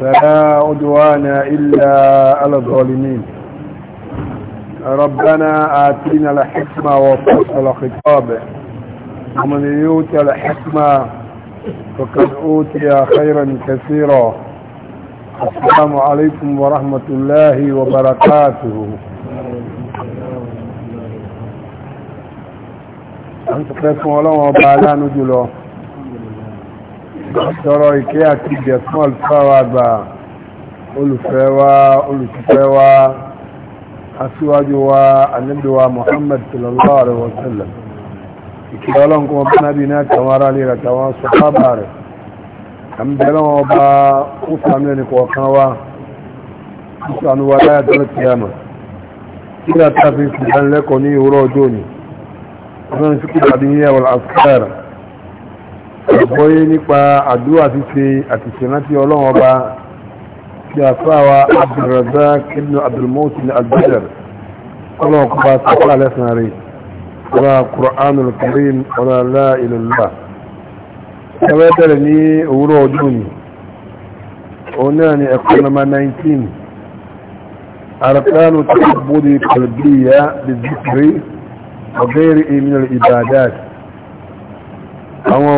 فلا عدوان إلا على الظالمين ربنا آتينا الحكمة وفصل خطابه ومن يؤتي الحكمة فقد أوتي خيرا كثيرا السلام عليكم ورحمة الله وبركاته أنت قسم الله وبعلان جلوه sọ̀rọ̀ ìkẹ́ àti ìjẹ̀ fún alùfáwà àgbà olùfẹ́ wa olùfẹ́ wa aṣíwájú wa anábíwa Muhammad sallallahu alaihi wasallam ìkẹ́ ọlọ́nkọ́ ọba nábi ní àtàwọn ará lè ràtàwọn sọ̀fábà rẹ̀ àmìbẹ̀rẹ̀ wọn ọba ó sàmì ẹni kọ̀ọ̀kan wa ó sàmì wa láyà tó ti yàmà kí ni a ta ní ìwúrọ̀ ọjọ́ ni wọ́n ń fi kí àgbọ́yé nípa àdúrà ṣíṣe àti ìṣẹ̀rántí ọlọ́run ọba tí a fáwa abdulrazza kínú abdulmohsen albajar ọlọ́run kọba sọ́kọ́ alẹ́sàn rẹ̀ ọlá kùránù kìrín ọlọ́lá ìlúlá ẹgbẹ́ bẹ̀rẹ̀ ní òwúrọ̀ ọdún ni òun náà 19 arkanu tabbudi kalbiya bi zikri wa ghairi min àwọn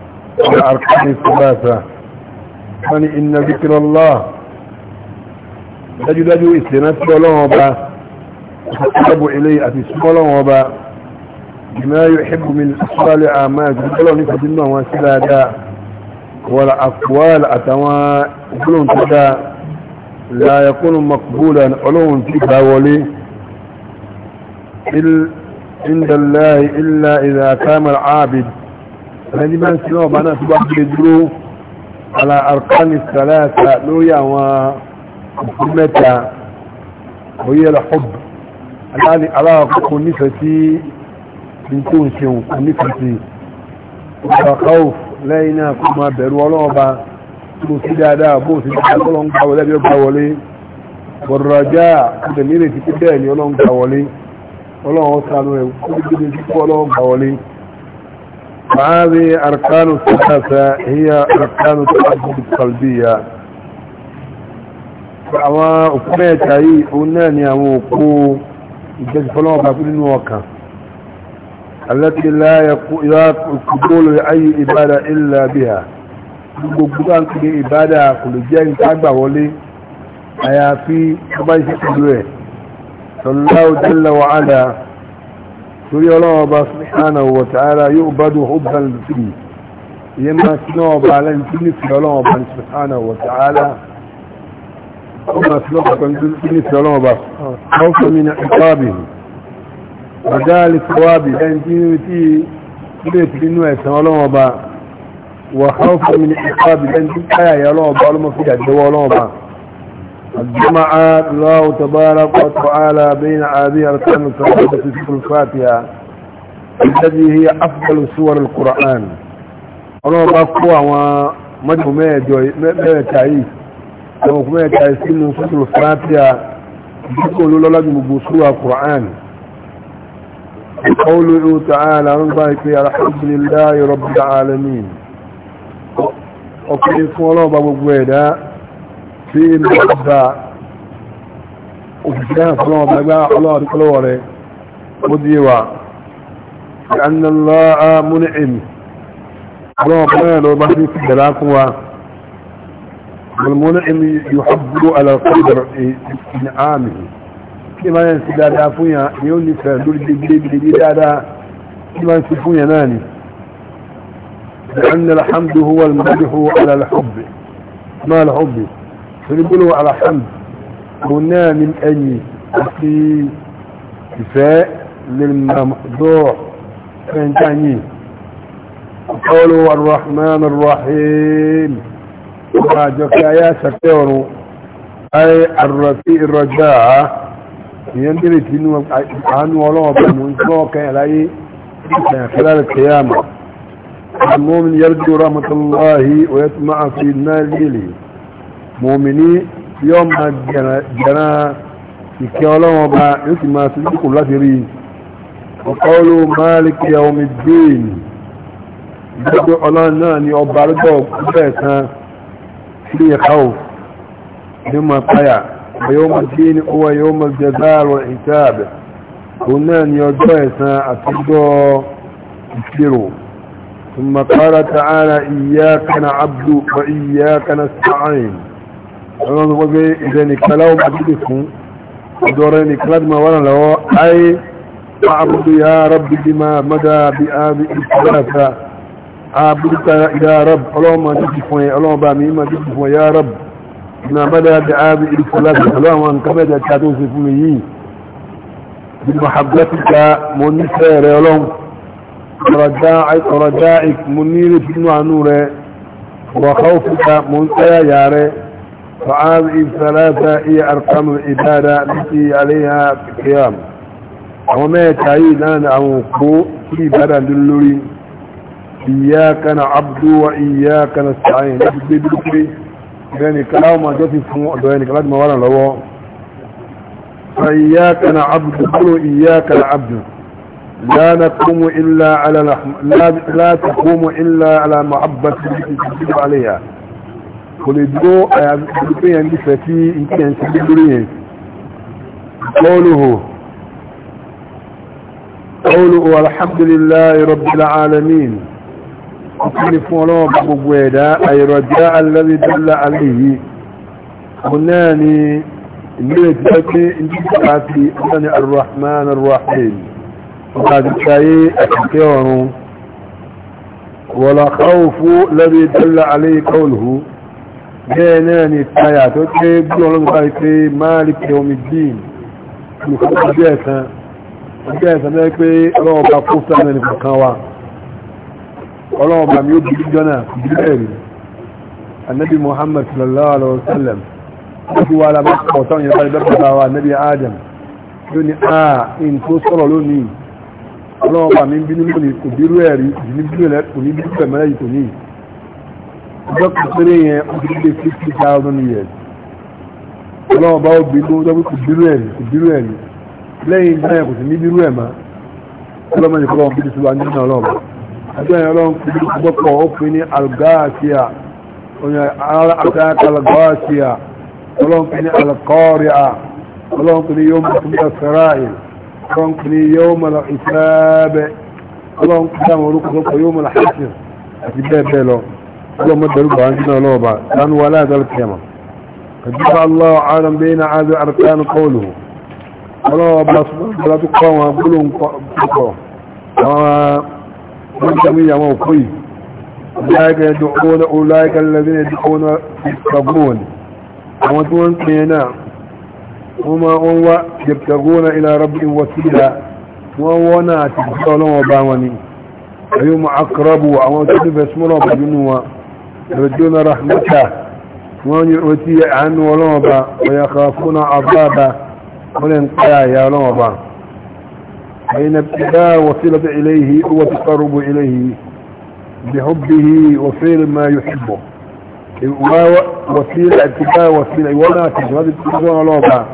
الأركان الثلاثة يعني إن ذكر الله دجو دجو استناد ولو وبا تقرب إليه أتسمى ولو وبا بما يحب من أصوال أعمال ولو نفد الله واسلا ولا أقوال أتوا يقولون تدا لا يكون مقبولا علوم في باولي عند الله إلا إذا كان العابد ẹni máa ń sin náà ọba náà tó bá gbé dúró ala arkani salasa lórí àwọn òkú mẹ́ta oyè al-hubb aláàlì aláàkókò nífẹ̀ẹ́ sí tó ń ṣe òkú nífẹ̀ẹ́ sí ìgbàkáwò lẹ́yìn náà kó máa bẹ̀rù ọlọ́ọba tó sí dáadáa bó sí dáadáa kọ́ wọlé فهذه أركان الثلاثة هي أركان التعبد القلبية فأما أفريت أي أنان يموقو يجد فلو بأكل نوكا التي لا يقول لأي إبادة إلا بها gbogbo an kìí ìbádà kò lè jẹ́ ìtagbà wọlé àyàfi ọba ìṣẹ́ pẹ̀lú ẹ̀ sọ̀lọ́láwọ̀ torí ọlọ́wọ́ bá subhanahu wa ta'ala yóò bá dùn ọ̀bán lùfìrí iye máa sí náà bá alẹ́ni tí ní fi ọlọ́wọ́ bá subhanahu wa ta'ala ọmọ sí lọ́pàá pẹ̀lú tí ní fi ọlọ́wọ́ bá ọkọ̀ mi na ìkọ́bì ọ̀dáàlì tí ní bá wà الجمعة الله تبارك وتعالى بين هذه الكلمة الكلمة في سورة الفاتحة التي هي أفضل سور القرآن الله بقوة ومجه ميجوي ميجاي ميجاي سنة سورة الفاتحة يقول له لجم بسورة القرآن قوله تعالى رضي في الحمد لله رب العالمين وكيف الله بقوة ده tí ó وفي òṣìṣẹ́ fún ọmọ ẹgbẹ́ ọlọ́ọ̀dún kọlọ́wọ́ لأن الله منعم wà ìyànnàlọ́à múnìyàn ọlọ́ọ̀pẹ́rẹ̀ lọ والمنعم يحبه على قدر إنعامه كما ينسي دادا فويا يوني فردول جديد دادا كما ينسي فويا ناني لأن الحمد هو المدح على الحب ما الحب فنقوله على حمد هنا من أي في كفاء للممدوح فإن تعني قوله الرحمن الرحيم وحاجك يا سكور أي الرفيع الرجاع يندري عن ولوب منسوك إليه خلال القيامة المؤمن يرجو رحمة الله ويسمع في النار mọ̀mìnì yóò máa jẹ̀rà ìkẹ́ ọlọ́wọ́n ọba yóò sì máa sojú kù láti rí ọ̀kọ́lù máàlìkì ọmọ ìdíìnì gbogbo ọlọ́run náà ni ọba arúgbó bẹ́ẹ̀ kan sí ẹ̀ka ò ní máa páyà ọ̀yọ́ ọmọ ìdíìnì owó ẹ̀yọ́ ọmọ ìjẹ̀dáàrọ̀ ìjáàbẹ̀ òun náà ni ọjọ́ ẹ̀san àtijọ́ ìṣirò ثم قال تعالى إياك نعبد وإياك نستعين ọlọ́run tó gbọ́gbé ìrẹ́ nìkan láwọn àdúgbò fún ọ̀dọ̀ rẹ̀ nìkan láti máa wọ́n lọ́wọ́ ayé àbúdó ya rabbi bí máa mọ́dá bí ábí ìfúnláta àbúdó ya rabbi ọlọ́run máa dìbò fún ẹ ọlọ́run bá mi máa dìbò fún ẹ ya rabbi na mọ́dá bí ábí ìfúnláta ọlọ́run àwọn nǹkan mẹ́ta tí tó ṣe fún mi yìí bí mo nífẹ̀ẹ́ rẹ ọlọ́run mo ní ìrètí nínú àánú rẹ wọ̀ فهذه الثلاثة هي أرقام العبادة التي عليها القيام وما يتعيد أن أنقو في بلد اللوري إياك نعبد وإياك نستعين نبدي بكري يعني كلاو ما جاتي فمو يعني كلاو ما ورن لو فإياك نعبد قل إياك العبد لا نقوم إلا على لا, لا تقوم إلا على محبة التي تجب عليها kò lè dúró àyàbí pé yẹn nífẹ̀ẹ́ sí yẹn قوله قوله الحمد لله رب العالمين وكلف ولوك بقويدا أي رجاء الذي دل عليه هناني ملت بكي انتقاتي أنني الرحمن الرحيم وقد شيء أكثر ولا خوف الذي دل عليه قوله bẹ́ẹ̀ náà ni ìtayà tó pé bí ọlọ́run bá rí pé máa rí pé omi dín olùkọ́ ọjọ́ ẹ̀sán ọjọ́ ẹ̀sán lẹ́yìn pé ọlọ́run bá kó sáà náà nìkan kan wa ọlọ́run bá mi ó bí jọ́nà bílẹ̀ rí anabi muhammad sallallahu alaihi wa sallam ó ti wà lábá pọ̀ kò bírú ẹ̀rí kò ní bírú ẹ̀mẹ́rẹ́ yìí ní ọjọ́ kékeré yẹn ó fifty thousand years ọlọ́wọ́ bá ó bínú ọjọ́ pé kò bírú ẹ̀ ní kò bírú ẹ̀ ní lẹ́yìn ìgbà yẹn kò sì ní bírú ẹ̀ má ọlọ́mọ yìí kọ́lọ́wọ́ bí tiwa nínú ọlọ́wọ́ ọjọ́ yẹn ọlọ́wọ́ kò bí gbọ́pọ̀ ó pin ní algasia onye ara àtàkà algasia ọlọ́wọ́ pin ní alkọ́ríà ọlọ́wọ́ pin ní yóò mọ̀ fún ẹ̀sẹ̀ráì ọlọ́wọ́ pin ní yóò mọ̀ ìfẹ́ bẹ́ ọlọ́wọ́ pin ní àwọn orúkọ yóò mọ̀ àti bẹ́ẹ̀ bẹ́ẹ̀ lọ اللهم ادربها انتنا لوبا لان ولا ذلك يما قد جعل الله عالم بين هذه الاركان قوله ولا بلا بلا تقوم وقولهم تقوم من جميع ما وقوي أولئك يدعون أولئك الذين يدعون يبتغون ومتون كينا وما هو يبتغون إلى ربهم وسيلة وهو ناتج صلى الله عليه وسلم أيهم أقربوا أو تدفع اسم ربهم يردون رحمته ومن يؤتي عنه ولوبا ويخافون عذابه ولن يا لوبا فإن ابتداء وصلة إليه هو تقرب إليه بحبه وفعل ما يحبه وسيلة ابتداء وسيلة ولكن تجرد التجرد لوبا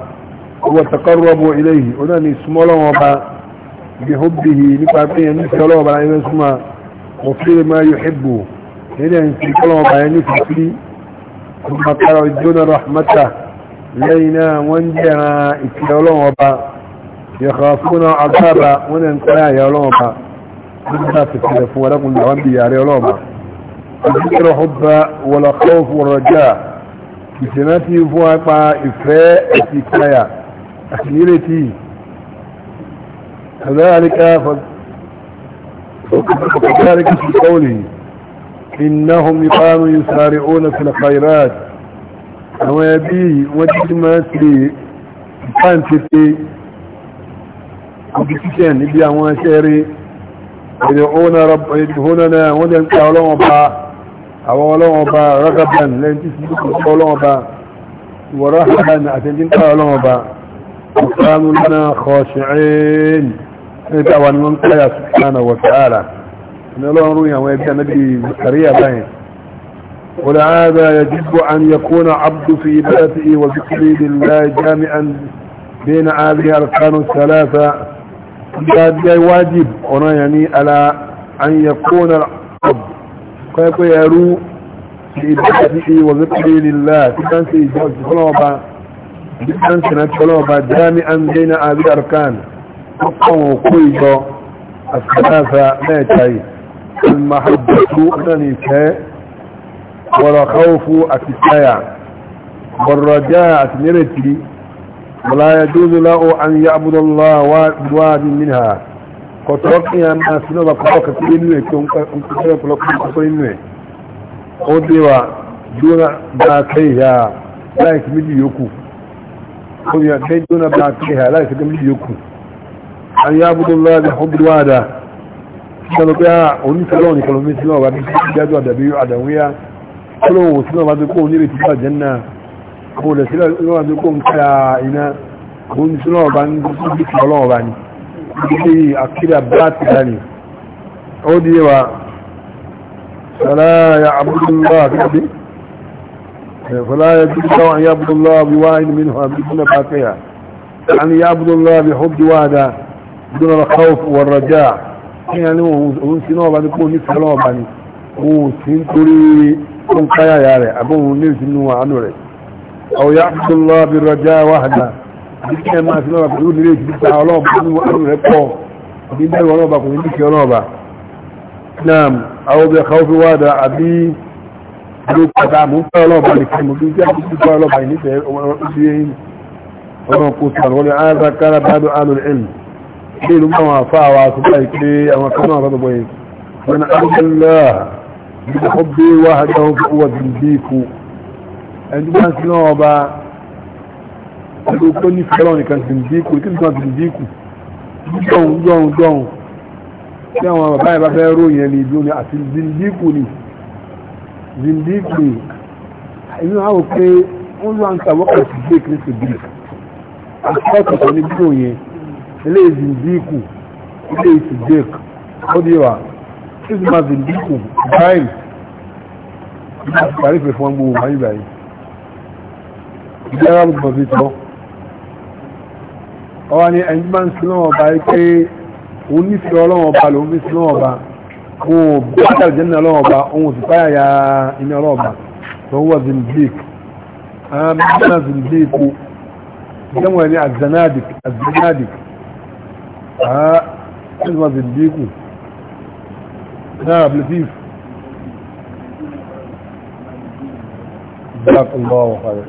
هو تقرب إليه ولن اسمه لوبا بحبه نفع بيه نفع لوبا وفعل ما يحبه هنا يمكن كلمة بياني في الكلي ثم قالوا الدون الرحمة لينا وانجينا اكي يولون وبا يخافون عذابا وننقلا يولون وبا ونجا في التلفون ولكن نعم بيار يولون وبا الذكر حب ولا خوف والرجاء في سناتي يفوها با إفراء في كلايا أخيرتي كذلك فكذلك في قوله إنهم كانوا يسارعون في الخيرات أما يبي لي كان تتي كان يبي أما يدعون رب يدعوننا ودعون أولون أبا أو أولون أبا رغبا لأن تسبق أولون أبا ورحبا أتنجن أولون أبا وكانوا لنا خاشعين إذا وأن من سبحانه وتعالى نلون يا ويبدا نبي سريع باين ولهذا يجب أن يكون عبد في عبادته وذكره لله جامعا بين هذه الأركان الثلاثة هذا واجب هنا يعني على أن يكون العبد كيف يرو في عبادته وذكره لله كان سيجوز فلوبا كان سنة فلوبا جامعا بين هذه الأركان وقوم وقويدو الثلاثة لا يتعيد المحبة نانيكا ولا خوف أتكايا والرجاء أتنرتي ولا يجوز له أن يعبد الله بواد منها kọtọrọkìyà máa sínú ọba kọtọrọkà tí inú ẹ̀ tí ó ń kọtọrọ pọ̀lọpọ̀ kọtọ inú ẹ̀ ó dé wa dúnà bá kẹ́yà láìsí méjì yòókù ó yà dé dúnà bá kẹ́yà láìsí méjì yòókù an yá búdó lọ́wọ́ bí ọdún wádàá sọ́nà pé ah, oníṣẹ́lọ́ ní kọlọmí sínú ọ̀rọ̀ bí i dájú àdàbí àdàwíyá kọlọ̀wò sínú ọ̀rọ̀ tó ní ìrètí bá jẹ́ náà kò lè sílẹ̀ sínú ọ̀rọ̀ tó ń kára iná òun sínú ọ̀rọ̀ ní bí i ọlọ́run bá ní ilé akíra bláàtì dání ó di wa sàlàyà abúlúwà àkàbí sàlàyà bí i sáwọn abúlúwà bí wá ní mínú àbí bá kẹyà sàlàyà abúlúwà bí hóbi dá بدون الخوف والرجاء kí ẹni òun sí náà bá ní kó ní fẹ́lọ́ ọba ni òun sí ń torí ó ń káyàyà rẹ̀ àbóhun ní ìsinú àánú rẹ̀ ọ̀yá àbúlọ́ bí rọjá wàhálà àbíkí ẹ máa sí náà pẹ̀lú nílé ìsìnkà ọlọ́ọ̀bá ní àánú rẹ̀ pọ̀ àbí bẹ́ẹ̀ ọlọ́ọ̀bá kò ní bí kí ọlọ́ọ̀bá naam àwọn obìnrin kan fi wá da àbí ìlú máa wà fà wá tó báyìí pé àwọn kan náà rọ́dọ̀ bọ̀yìn wọn àbúlá ìdí ọbẹ̀ wà hajjá ó fún wà bìbí ikú ẹni bá ń sin náà ọba ẹlú kó ní fẹ́ràn nìkan bìbí ikú kí nìkan bìbí ikú dọ̀hún dọ̀hún dọ̀hún tí àwọn bàbá yẹn bá fẹ́ ròyìn ẹni ìdúró ni àti bìbí ikú ni bìbí ikú ni inú àwọn pé wọ́n lọ́n ń ta wọ́pọ̀ sí bíi kìrìsì bíi àti ọ̀tọ̀ ní dúró yẹn ilé ìzìndíkù ilé ìsìdèk ó dí wa christmas ìzìndíkù ibrahim nígbà tí kàrífẹ̀ fún gbogbo wọn yìí báyìí ìjọba gbogbo fi tọ́ ọwá ni ẹni máa ń sin lọ́wọ́ ọba yìí pé òun nífẹ̀ẹ́ ọlọ́wọ́ ọba lòun fi sin lọ́wọ́ ọba òun ò bí wájà ìjẹ́nà ọlọ́wọ́ ọba òun sì fáyà ya iná ọlọ́wọ́ ọba lọ́wọ́ ìzìndík àwọn mẹ́ta ìzìndíkù ìjọba ẹni àzànádìk àzànádìk a ilma zindiku na ablatif جزاك الله خير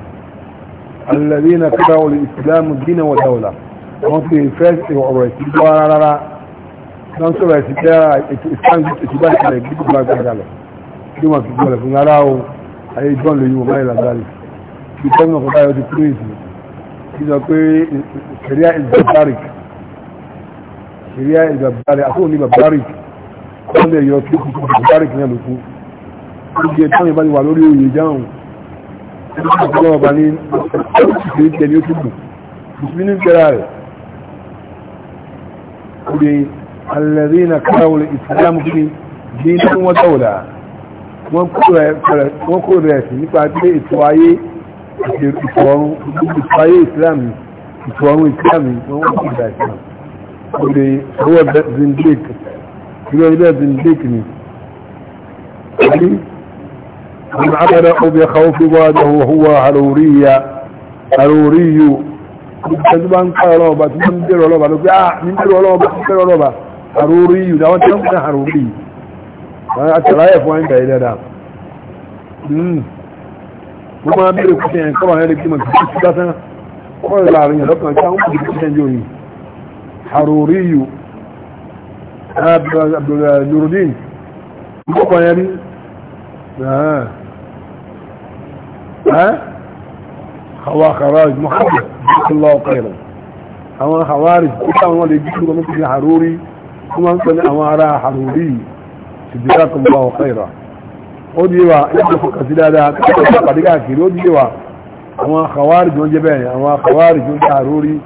الذين كفروا الاسلام الدين والدوله wọ́n fi fẹ́ẹ̀sì ọ̀rọ̀ ìsìnkú ara rárá wọ́n sọ̀rọ̀ ìsìnkú ara ìsìnkú ìsìnkú ìsìnkú ìsìnkú gbàgbàgbà lọ bí wọ́n fi gbọ́lẹ̀ fún ara o ayé john lè yíwọ̀ báyìí lágbàlẹ̀ bí gómìnà kọ̀ọ̀kan yóò ti kúrò ìsìn kí sọ pé kẹ̀ríà is barbaric ìrìà ìbàbárì àtúwò ní bàbárì wọ́n lè yọ kí ó kú bàbárì kí náà ló kú ó jẹ táwọn ìbá ti wà lórí oyè jáhùn ọjọ́ ọba ní ìṣẹ̀lẹ̀ tẹ̀lé ó túbù ìṣẹ̀lẹ̀ ní tẹ̀lá rẹ̀ ó lè alẹ́rí na káwọ̀ ìsìlámù kí ní ní wọ́n tọ̀wọ̀dà wọ́n kúrò rẹ̀ sí nípa pé ètò ayé ìtọ̀ọ̀run ìtọ̀ọ̀run ìsìlámù ìtọ̀ọ̀run ìsìlámù wọ́n kúrò rẹ̀ sí اللي هو زنديق يقول لا زنديقني من عمله بخوف واده وهو حرورية حروري تجبان قالوا بس من دير ولو بس آه من دير ولو بس من دير ولو بس حروري ده وانت يمكن حروري وانا اتلايف وين بعيدة ده امم وما بيرك فين كما هيك دي ما كنتش كده انا ولا لا يعني لو كان كان ممكن تنجوني haruriyu abdullurudin gbogbo ya rí hawa kharaj muhammad sallallahu khairan àwọn hawari kúta wọn lè gbígbó wọn fi haruri kuma n sani àwọn ará haruri ti jira kan bá wa khaira ó di wa yadda fuka sí dáadáa kí wọ́n pàdé káàkiri ó di wa àwọn hawari jọ jẹ́ bẹ́ẹ̀ àwọn hawari jọ jẹ́ haruri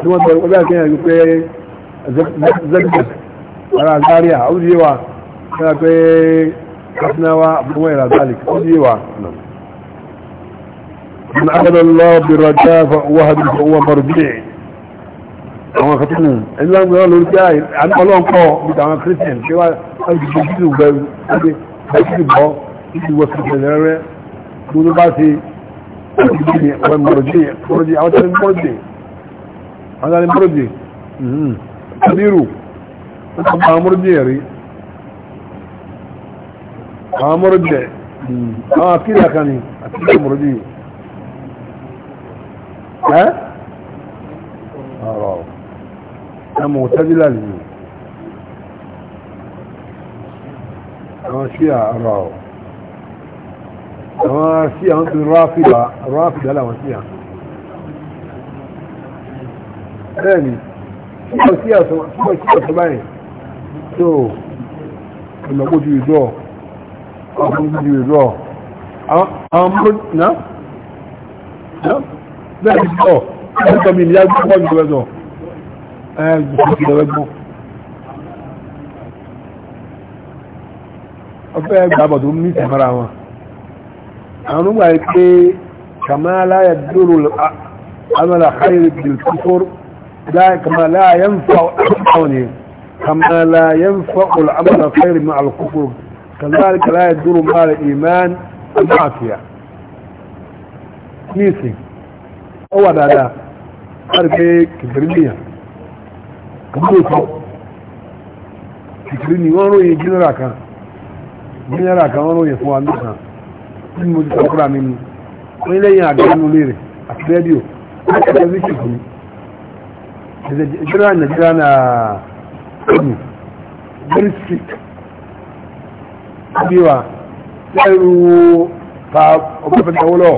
tí wọ́n tọrọ ọjọ́ àkẹ́yàn yìí pé zedbet ara zaria ó di yíwa sára pé kasinawa àbúkọ́ ìrà zalik ó di yíwa من أخذ الله برجاء فأوهد فهو مرجع àwọn kan tó nù ẹni láwọn gbọ́dọ̀ lórí pé àná ọlọ́nkọ́ níta àwọn christian ṣé wá láti fi jù bẹ̀rù láti bẹ̀rù bọ́ títí wọ christian rẹ̀ tó ló bá ṣe láti bí ní ọ̀rọ̀ mọ̀rọ̀dé àwọn tẹ́lẹ̀ mọ̀rọ̀dé ana ni murji hmm. kabiru ba murji yari ba murji a hmm. akida ah, kani akida murji eh ara na mu'tazila ni àwọn ṣíà ara ọ̀ àwọn ṣíà ń fi ráfìdá ráfìdá láwọn ṣíà bẹ́ẹ̀ ni túbọ̀ sí ọ̀sán báyìí tó ìlọ́pọ̀ ju ìdúrọ̀ ọ̀pọ̀ ju ìdúrọ̀ àwọn mọ́ náà bẹ́ẹ̀ ni sọ ẹni tọ́ mi ìyá gbọ́ ní ìwẹ́sọ̀ ẹ̀ gbọ́dọ̀ ìwẹ́ gbọ́ ọ̀fẹ́ gbàbọ̀ tó ní ìtẹ̀mọ́ra wọn àwọn ọmọ ìpé kàmáàlá yà dúró amẹ́lá káyìrì bìlì kúfọ́rù لا كما لا ينفع كما لا ينفع العمل الخير مع الكفر كذلك لا يدور مع الإيمان المعافية. ميسي هو دا دا أربي كبرنية كبروتو كبرني وانو يجين راكا جين راكا وانو يفو دوكا من مجد أقرأ مني وإليه أقرأ نوليري أكريديو أكريديو jira na jira na very strict biwa tsaru fa ọgbọ̀fẹ́ tawọlọ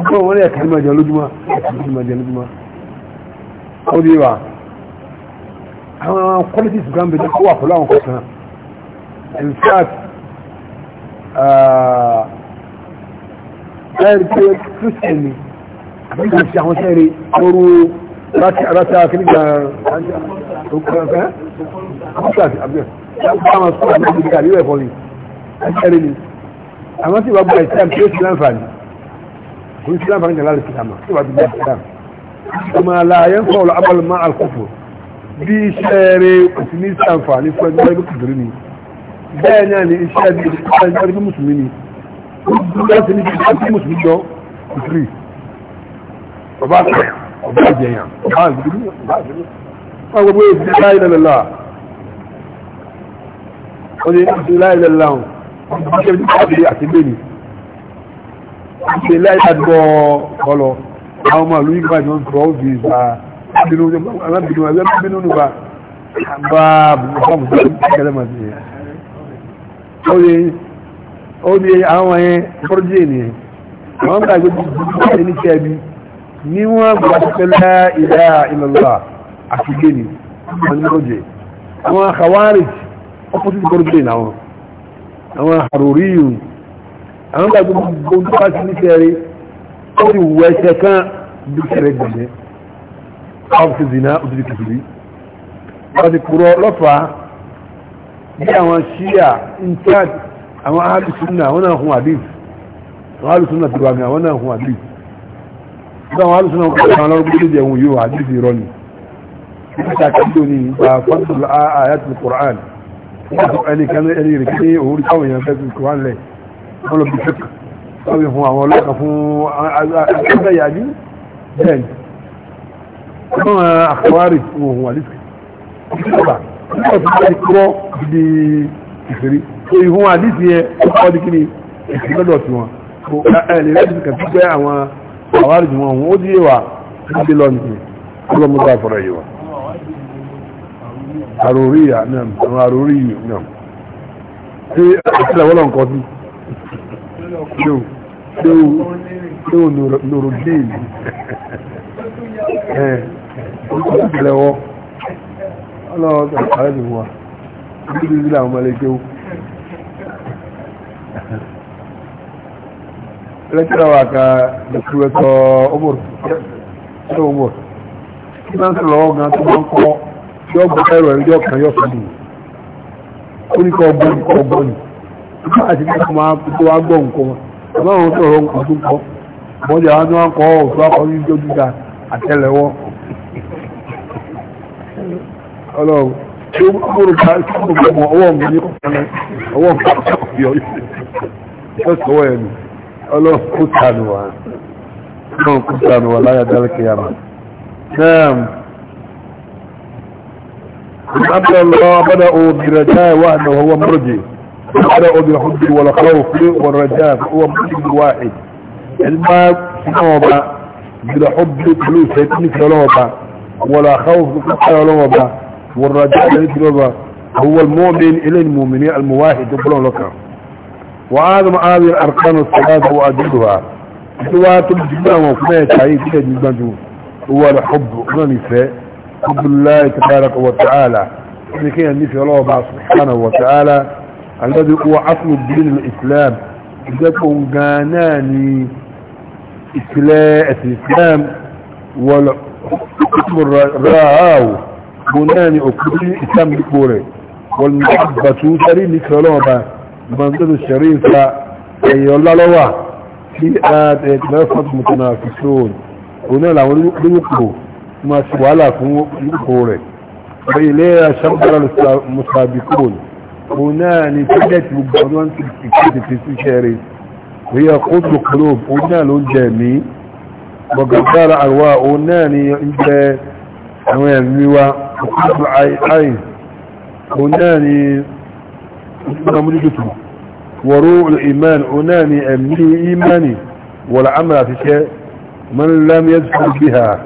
ọgbọ̀n wọ́n yà kàrí màjẹ̀ lójúmọ́ kàrí màjẹ̀ lójúmọ́ ó biwa àwọn quality to gan bẹ̀rẹ̀ wà pẹ̀lú àwọn kọ̀ọ̀kan in fact ah, ẹ̀rẹ̀ pé christian ni àbíkà sí àwọn sẹ́rẹ̀ ọrùn rákà kí nígbà ọkọ̀ọ̀fẹ́ ọkọ̀ọ̀fẹ́ àti àbíọ̀ láwọn sọ́ọ̀ náà ti gbà nílẹ̀ fọ́lì ẹ̀ṣẹ́rì ni àwọn tí wọ́n gba ìsìlámù tí ó sì láǹfààní kò sí ní aláàlú ní fún ẹgbẹ́ ẹgbẹ́ kìdìrí ni bẹ́ẹ̀ náà ni iṣẹ́ bí ẹgbẹ́ ẹgbẹ́ mùsùlùmí ni ó dúró láti ní kí mùsùlùmí jọ kìdìrí ọba kẹrin ọba àjẹyàn ọba àgbèrè ọba àgbèrè wọn gbogbo èsì láìlẹ́lẹ́lá wọ́n ní èsì láìlẹ́lá wọn wọ́n ṣe ní káàdì àti bẹ́ẹ̀ni wọ́n ṣe láìlẹ́dọ́ ọlọ àwọn ọmọ àlú yìí báyìí wọ́n sọ ọ́ fi ìgbà bínú alábìnú ẹgbẹ́ bínú nípa bá bùkọ́ bùkọ́ kẹlẹ́ màá ti yẹn níwọ̀n gbàtẹ́lá ilẹ̀ ìlọ́lá àti gbéni ọjọ́jẹ́ àwọn àkàwárí opposite gọ́rùgbé náwọn àwọn àròríyùn àwọn gbàgbogbo tó bá ti nífẹ̀ẹ́rí ó ti wù ẹsẹ̀ kan bí kẹrẹ gbẹ̀mẹ́ ọ́fíìsì zina òtútù kìfìrí wọ́n ti kúrọ lọ́fà ní àwọn ṣíyà intanet àwọn alùsùnà wọ́n náà hun àdìs àwọn alùsùnà tìrọ̀ àgbà wọ́n náà hun àdìs ìgbàwọn alùsùn náà kọ̀ọ̀kan lọ́rọ̀ gbé jẹun yóò àdìsí rọ́nì nípa kìtò ní ìgbà fásitì àyàtì kùrán nípa ẹni kan ẹni rẹ̀ pé òun táwọn èèyàn fẹ́ fi kùrán lẹ̀ wọ́n lọ bí fẹ́k wọ́n fi fún àwọn ọlọ́kà fún akẹ́kẹ́ yàdí bẹ́ẹ̀ ni wọ́n àkọwárì fún òun àdìsí nípa nípa tó bá ti àwárí jùmọ̀ òun ó dí èwà níbi lọ́nìí ọlọ́mọdé àfọ̀rọ̀ yìí wà àròrí náà àwọn àròrí náà tí àtìlẹ̀ wọ́n lọ́nkọ́ sí ṣéwò nùrùdín ẹ̀ àtìlẹ̀ wọ́n ọlọ́ọ̀tọ̀ àrẹ́ jùmọ̀ wà níbi ìdílé àwọn ọmọ ẹlẹ́gbẹ́ lẹ́kẹ́rẹ́wà ka lẹ́kúrẹ́tọ̀ ọmọ kí máa ń sọ lọ́wọ́ gan tó máa ń kọ́ yọ bọ́ ẹ̀rọ ẹ̀rọ kan yọ fún mi ó ní kọ́ ọgbọ́n ní kọ́ ọgbọ́n ní nígbà àti nígbà tó máa tó wá gbọ́ nǹkan wọn àbá àwọn tó rọ nǹkan tó ń kọ́ wọ́n jẹ́ àwọn tó ń kọ́ òtún akọ́ ní dójú ga àtẹ́lẹwọ́ ọlọ́run tí ó máa ń ọwọ́ mi ní kọ́ ọlọ́run kó sànù wá ọlọ́run kó sànù wá láyà dálẹ́kẹ̀ yàrá náà عبد الله بدأوا برجاء وأنه هو مرجي بدأوا بالحب والخوف والرجاء هو مرجي واحد الماء نوبة بالحب فلوس مثل نوبة ولا خوف مثل نوبة والرجاء هو المؤمن إلى المؤمنين المواحد يقولون لك وعالم هذه الأركان الثلاثة وأجلها سواء تبجبنا وفنية تعيد كده جنبانجو هو الحب ونساء حب الله تبارك وتعالى إذا كان النساء الله سبحانه وتعالى الذي هو أصل الدين الإسلام إذا كان قاناني الإسلام والحكم الرعاو بناني أكبر الإسلام بكوري والمحبة تري نساء الله منزل الشريفة أي الله لوا في آد اتنافت متنافسون هنا لهم يقلوا ما سوالا فهم يقلوا وإليها شمدر المسابقون هنا نتجت مبادوان في الشريف وهي قدر قلوب هنا لهم جميع وقدار أرواء هنا نتجت أمام ميوا وقدر عين هنا نتجت اسمنا وروع الإيمان أناني أمني إيماني والعمل في شيء من لم يدخل بها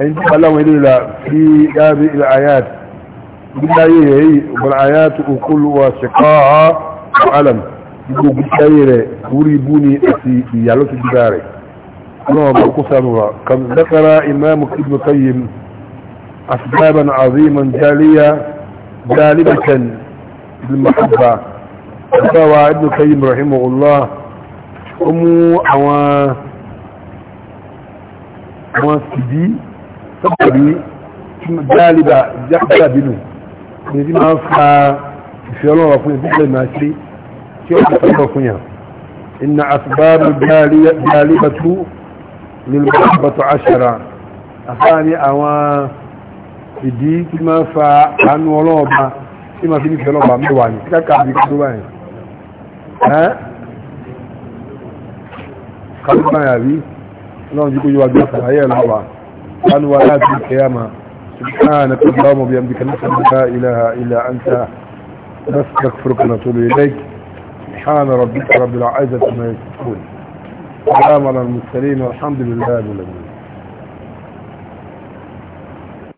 انت قالوا إلا في هذه الآيات هي والآيات وكل واثقاء وعلم يقول بالآيات وريبوني في يالوت الجباري اللهم بقصة نورا قد ذكر إمام ابن قيم أسبابا عظيما جالية جالبة المحبة، فهو ابن القيم رحمه الله أمو أوان أوان سيدي سببي جالبة جحدة بنو نجي ما أفها في الله وفن يبقى ما شيء شيء أفها إن أسباب الجالبة للمحبة عشرة أفاني أوان سيدي كما فأنو الله tí ma fi ní ìfẹ́ lọ́gbà mẹ́wàá ní kíkà káàdì kí tó báyìí ẹ́ káàdì báyìí àbí lọ́nà jí kó yíwa gbé ọ̀sán ayé lọ́wà kánú wa láti kẹyàmà سبحانك اللهم وبحمدك نشهد ان لا اله الا انت نستغفرك ونتوب اليك سبحان ربك رب العزه عما يصفون سلام على المرسلين والحمد لله رب العالمين